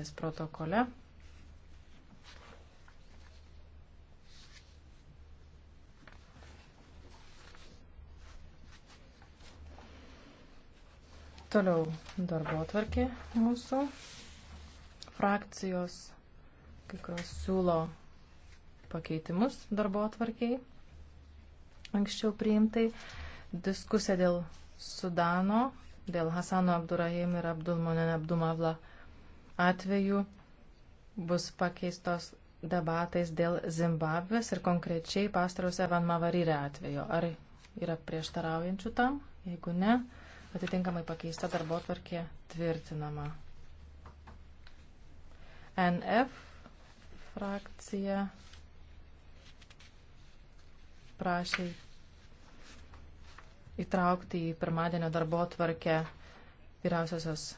Jas protokole. Toliau darbo atvarkė mūsų. Frakcijos kai kurios siūlo pakeitimus darbo atvarkiai anksčiau priimtai. Diskusija dėl Sudano, dėl Hasano Abdurahim ir Abdulmonene Abdumavla. Abdul atveju bus pakeistos debatais dėl Zimbabvės ir konkrečiai pastarose Van Mavaryre atveju. Ar yra prieštaraujančių tam? Jeigu ne, atitinkamai pakeista darbo tvarkė tvirtinama. NF frakcija prašė įtraukti į pirmadienio darbo tvarkę vyriausiosios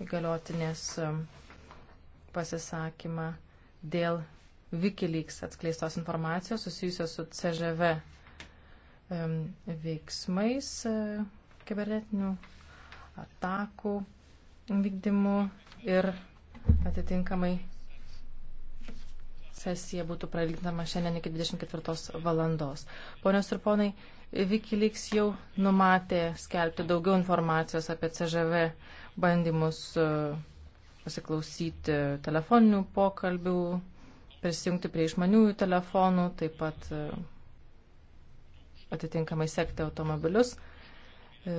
įgaliotinės um, pasisakymą dėl Wikileaks atskleistos informacijos susijusios su CŽV um, veiksmais uh, kibernetinių atakų vykdymu ir atitinkamai sesija būtų prailginama šiandien iki 24 valandos. Ponios ir ponai, Wikileaks jau numatė skelbti daugiau informacijos apie CŽV bandymus e, pasiklausyti telefoninių pokalbių, prisijungti prie išmaniųjų telefonų, taip pat e, atitinkamai sekti automobilius. E,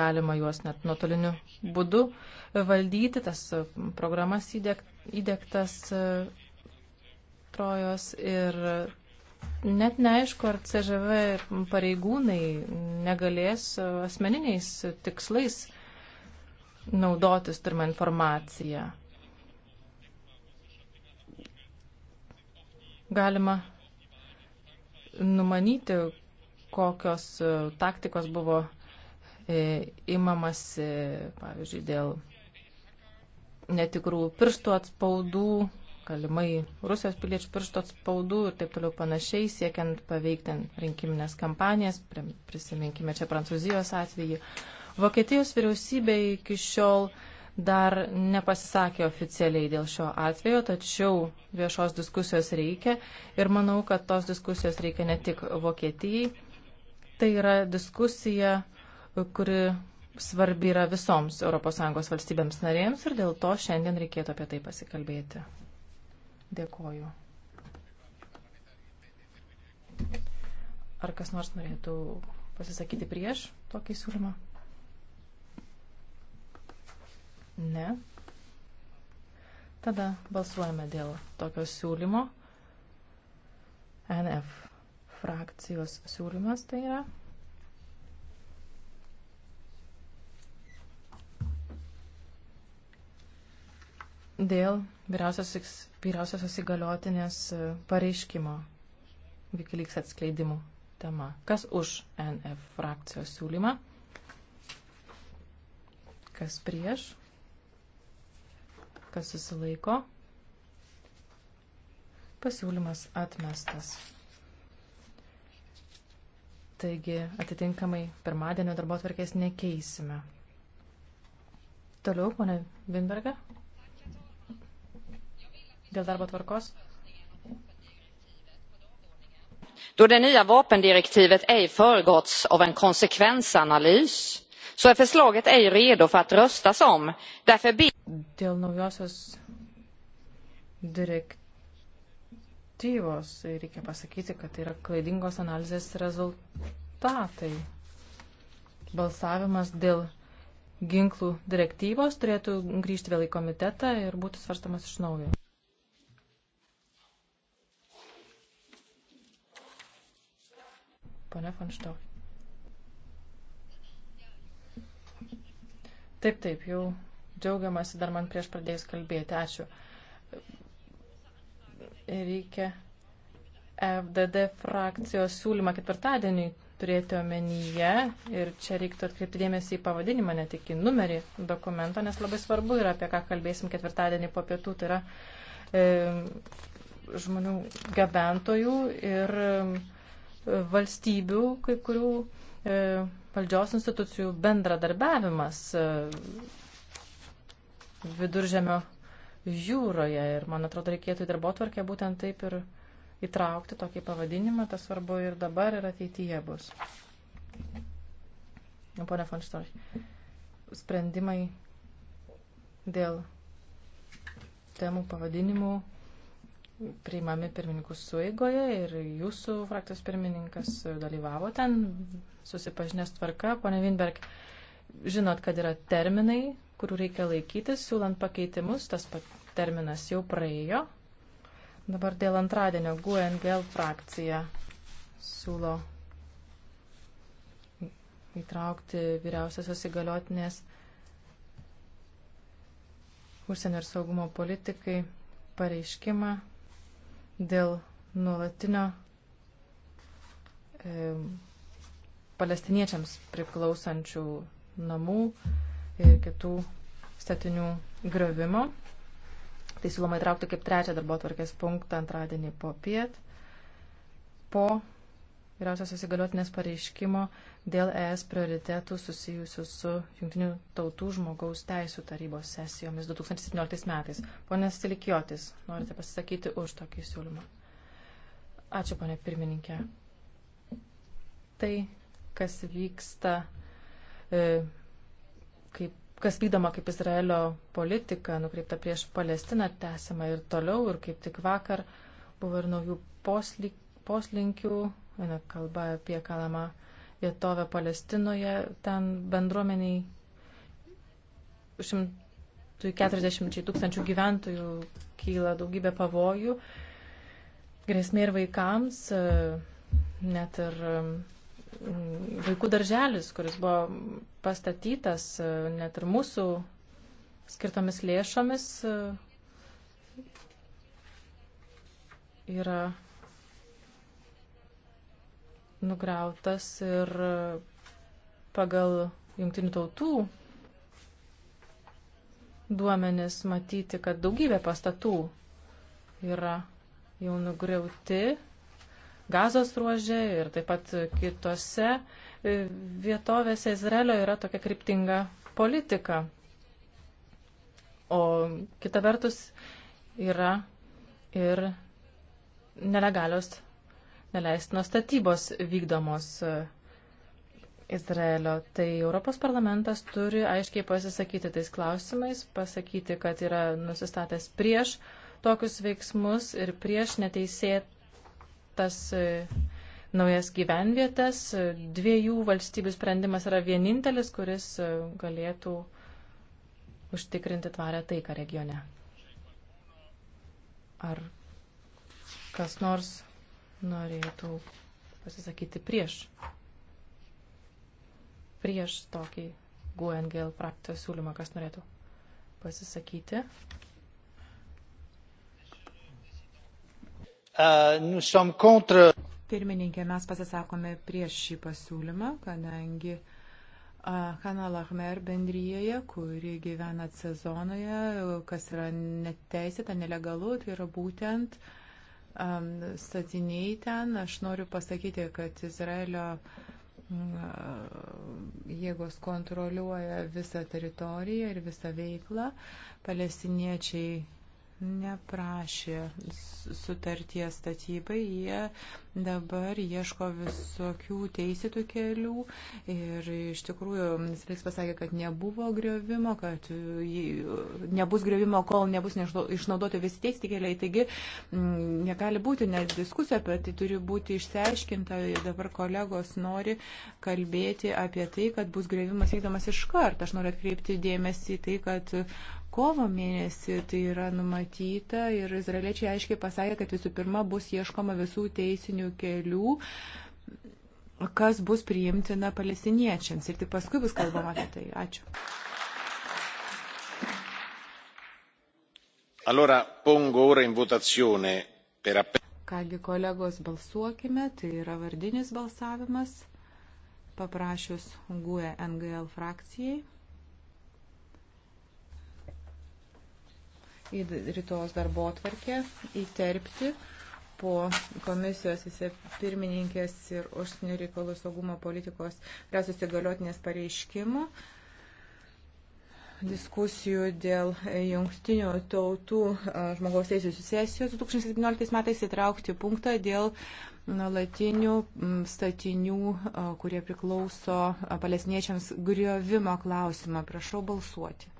galima juos net nuotoliniu būdu valdyti, tas programas įdėktas trojos ir Net neaišku, ar CŽV pareigūnai negalės e, asmeniniais tikslais naudotis turimą informaciją. Galima numanyti, kokios e, taktikos buvo e, imamasi, pavyzdžiui, dėl netikrų pirštų atspaudų galimai Rusijos piliečių piršto atspaudų ir taip toliau panašiai, siekiant paveikti rinkiminės kampanijas, prisiminkime čia Prancūzijos atvejį. Vokietijos vyriausybė iki šiol dar nepasisakė oficialiai dėl šio atvejo, tačiau viešos diskusijos reikia ir manau, kad tos diskusijos reikia ne tik Vokietijai. Tai yra diskusija, kuri svarbi yra visoms ES valstybėms narėms ir dėl to šiandien reikėtų apie tai pasikalbėti. Dėkoju. Ar kas nors norėtų pasisakyti prieš tokį siūlymą? Ne. Tada balsuojame dėl tokio siūlymo. NF frakcijos siūlymas tai yra. dėl vyriausios, vyriausiosios įgaliotinės e, pareiškimo Vikiliks atskleidimų tema. Kas už NF frakcijos siūlymą? Kas prieš? Kas susilaiko? Pasiūlymas atmestas. Taigi atitinkamai pirmadienio darbo tvarkės nekeisime. Toliau, ponė Vinberga dėl darbo tvarkos. Då det nya vapendirektivet ej föregåtts av en konsekvensanalys så är förslaget ej redo för att röstas om. Därför ber... Dėl naujosios direktyvos reikia pasakyti, kad tai yra klaidingos analizės rezultatai. Balsavimas dėl ginklų direktyvos turėtų grįžti vėl į komitetą ir būti svarstamas iš naujo. ponia Fonštau. Taip, taip, jau džiaugiamasi dar man prieš pradėjus kalbėti. Ačiū. Reikia FDD frakcijos siūlymą ketvirtadienį turėti omenyje ir čia reiktų atkreipti dėmesį į pavadinimą, ne tik į numerį dokumento, nes labai svarbu yra, apie ką kalbėsim ketvirtadienį po pietų, tai yra e, žmonių gabentojų ir e, valstybių, kai kurių e, valdžios institucijų bendradarbiavimas e, viduržemio jūroje. Ir man atrodo, reikėtų į darbo tvarkę būtent taip ir įtraukti tokį pavadinimą. Tas svarbu ir dabar, ir ateityje bus. Nu, pone Fonštorš, sprendimai dėl temų pavadinimų priimami pirmininkų suigoje ir jūsų frakcijos pirmininkas dalyvavo ten, susipažinęs tvarka. Pone Vinberg, žinot, kad yra terminai, kurių reikia laikytis, siūlant pakeitimus, tas terminas jau praėjo. Dabar dėl antradienio GUNGL frakcija siūlo įtraukti vyriausiasios įgaliotinės užsienio ir saugumo politikai pareiškimą dėl nuolatinio e, palestiniečiams priklausančių namų ir kitų statinių gravimo. Tai siūloma įtraukti kaip trečią darbo tvarkės punktą antradienį po piet. Po vyriausios įsigaliotinės pareiškimo dėl ES prioritetų susijusių su Junktinių tautų žmogaus teisų tarybos sesijomis 2017 metais. Pone Stilikiotis, norite pasisakyti už tokį siūlymą? Ačiū, ponė pirmininkė. Tai, kas vyksta, e, kaip, kas vykdoma kaip Izraelio politika nukreipta prieš Palestiną, tęsiama ir toliau, ir kaip tik vakar buvo ir naujų poslinkių Viena kalba apie kalamą vietovę Palestinoje, ten bendruomeniai 140 tūkstančių gyventojų kyla daugybė pavojų, grėsmė ir vaikams, e, net ir mm, vaikų darželis, kuris buvo pastatytas e, net ir mūsų skirtomis lėšomis, e, yra nugrautas ir pagal jungtinių tautų duomenis matyti, kad daugybė pastatų yra jau nugriauti gazos ruožė ir taip pat kitose e, vietovėse Izraelio yra tokia kryptinga politika. O kita vertus yra ir nelegalios neleistinos statybos vykdomos e, Izraelio. Tai Europos parlamentas turi aiškiai pasisakyti tais klausimais, pasakyti, kad yra nusistatęs prieš tokius veiksmus ir prieš neteisėtas e, naujas gyvenvietės. E, dviejų valstybių sprendimas yra vienintelis, kuris galėtų užtikrinti tvarę taiką regione. Ar kas nors norėtų pasisakyti prieš, prieš tokį GUNGL frakcijos siūlymą, kas norėtų pasisakyti. Uh, Pirmininkė, mes pasisakome prieš šį pasiūlymą, kadangi uh, Hanal Ahmer bendryje, kuri gyvena sezonoje, kas yra neteisėta, nelegalu, tai yra būtent uh, statiniai ten. Aš noriu pasakyti, kad Izraelio mm, jėgos kontroliuoja visą teritoriją ir visą veiklą. Palestiniečiai neprašė sutarties statybai, jie dabar ieško visokių teisėtų kelių ir iš tikrųjų Sveiks pasakė, kad nebuvo griovimo, kad nebus griovimo, kol nebus išnaudoti visi teisėti keliai, taigi mm, negali būti, nes diskusija apie tai turi būti išsiaiškinta ir dabar kolegos nori kalbėti apie tai, kad bus griovimas vykdomas iš karto. Aš noriu atkreipti dėmesį į tai, kad kovo mėnesį tai yra numatyta ir izraeliečiai aiškiai pasakė, kad visų pirma bus ieškoma visų teisinių kelių, kas bus priimtina palestiniečiams. Ir tik paskui bus kalbama apie tai. Ačiū. Allora, pongo ora in votazione per appello. Kągi kolegos, balsuokime, tai yra vardinis balsavimas, paprašius GUE NGL frakcijai. į rytos darbo atvarkę įterpti po komisijos vicepirmininkės ir užsienio reikalų saugumo politikos resus įgaliotinės pareiškimo diskusijų dėl jungtinių tautų žmogaus teisų sesijos 2017 metais įtraukti punktą dėl nuolatinių statinių, kurie priklauso palestiniečiams griovimo klausimą. Prašau balsuoti.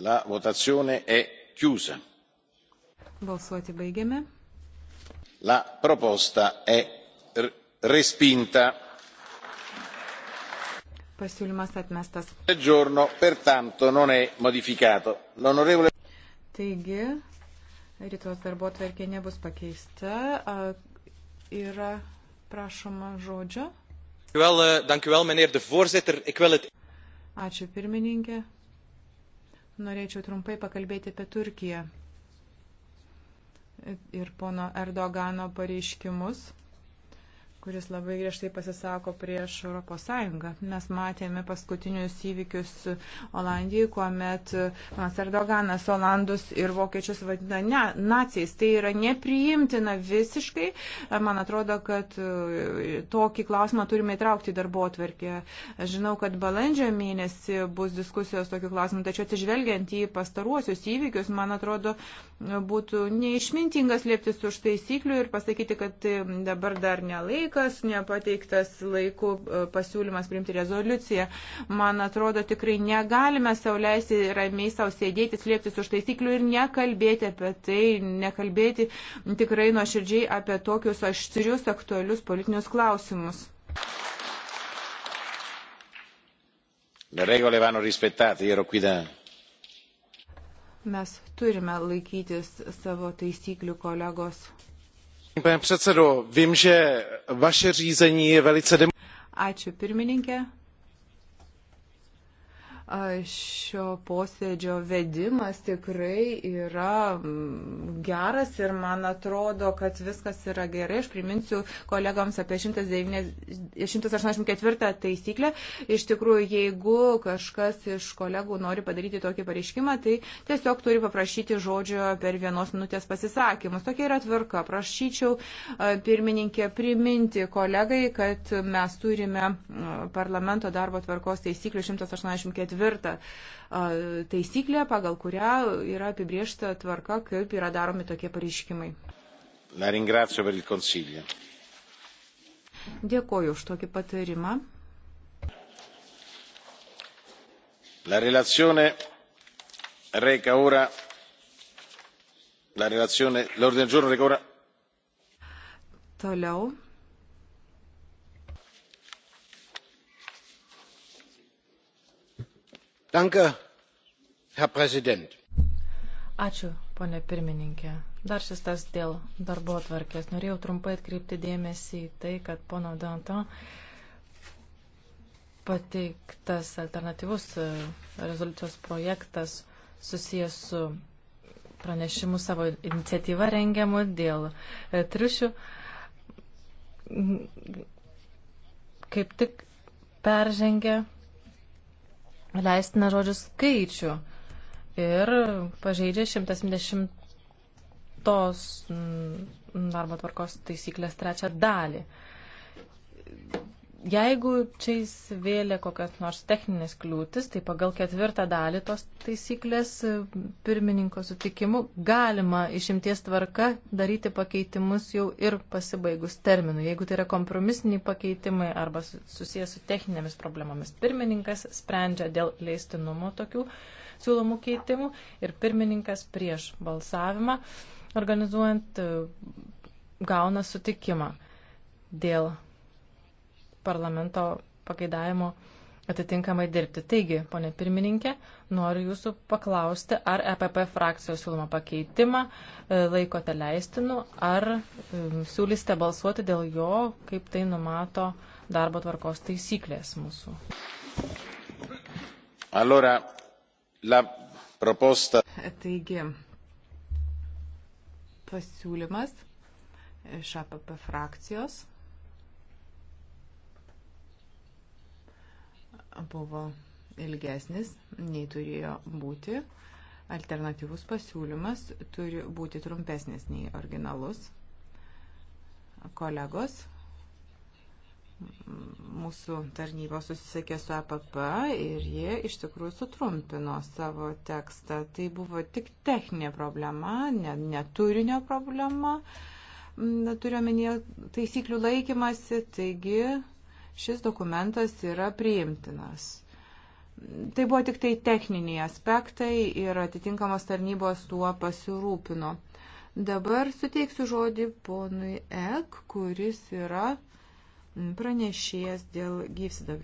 La votazione è chiusa. Balsuoti baigiame. La proposta è respinta. Pasiūlymas atmestas. Il giorno pertanto non è modificato. L'onorevole. Taigi, rytos darbo tvarkė nebus pakeista. Yra prašoma žodžio. Eh, dank u wel, meneer de voorzitter. Ik wil het. Ačiū pirmininkė. Norėčiau trumpai pakalbėti apie Turkiją ir pono Erdogano pareiškimus kuris labai griežtai pasisako prieš ES. Mes matėme paskutinius įvykius Olandijai, kuomet Mas Erdoganas Olandus ir Vokiečius vadina ne, nacijais. Tai yra nepriimtina visiškai. Man atrodo, kad e, tokį klausimą turime įtraukti į darbo atverkę. Žinau, kad balandžio mėnesį bus diskusijos tokiu klausimu, tačiau atsižvelgiant į pastaruosius įvykius, man atrodo, būtų neišmintingas lieptis už taisyklių ir pasakyti, kad e, dabar dar nelaikas laikas, nepateiktas laiku e, pasiūlymas priimti rezoliuciją. Man atrodo, tikrai negalime sauliaisi ramiai savo sėdėti, slėptis už taisyklių ir nekalbėti apie tai, nekalbėti tikrai nuoširdžiai apie tokius aštrius, aktualius politinius klausimus. Le regole vanno rispettate, io ero qui da mes turime laikytis savo taisyklių kolegos pane předsedo vím že vaše řízení je velice demokratické šio posėdžio vedimas tikrai yra mm, geras ir man atrodo, kad viskas yra gerai. Aš priminsiu kolegams apie 184 taisyklę. Iš tikrųjų, jeigu kažkas iš kolegų nori padaryti tokį pareiškimą, tai tiesiog turi paprašyti žodžio per vienos minutės pasisakymus. Tokia yra tvarka. Prašyčiau pirmininkė priminti kolegai, kad mes turime parlamento darbo tvarkos taisyklių 184 ketvirtą taisyklę, pagal kurią yra apibriešta tvarka, kaip yra daromi tokie pareiškimai. Dėkoju už tokį patarimą. La relazione reca ora la relazione l'ordine del giorno reca ora toliau herr präsident! ačiū pone pirmininke. dar šis tas dėl darbotvarkės. norėjau trumpai atkreipti dėmesį į tai kad pono danton pateiktas alternatyvus e, rezoliucijos projektas susijęs su pranešimu savo iniciatyva rengiamu dėl e, triušių kaip tik peržengia leistiną žodžių skaičių ir pažeidžia 170 tos darbo tvarkos taisyklės trečią dalį. Jeigu čia įsivėlė kokias nors techninės kliūtis, tai pagal ketvirtą dalį tos taisyklės e, pirmininko sutikimu galima išimties tvarka daryti pakeitimus jau ir pasibaigus terminui, jeigu tai yra kompromisiniai pakeitimai arba susijęs su techninėmis problemomis. Pirmininkas sprendžia dėl leistinumo tokių siūlomų keitimų ir pirmininkas prieš balsavimą organizuojant e, gauna sutikimą dėl parlamento pageidavimo atitinkamai dirbti. Taigi, ponė pirmininkė, noriu jūsų paklausti, ar EPP frakcijos siūloma pakeitimą e, laikote leistinu, ar e, siūlysite balsuoti dėl jo, kaip tai numato darbo tvarkos taisyklės mūsų. Allora, la proposta. Taigi, pasiūlymas iš APP e frakcijos. buvo ilgesnis, nei turėjo būti. Alternatyvus pasiūlymas turi būti trumpesnis nei originalus. Kolegos, mūsų tarnybos susisiekė su APP ir jie iš tikrųjų sutrumpino savo tekstą. Tai buvo tik techninė problema, neturinio ne, ne problema. Turiuomenėje taisyklių laikymasi, taigi šis dokumentas yra priimtinas. Tai buvo tik tai techniniai aspektai ir atitinkamos tarnybos tuo pasirūpino. Dabar suteiksiu žodį ponui Ek, kuris yra pranešėjęs dėl gyvsidabrio.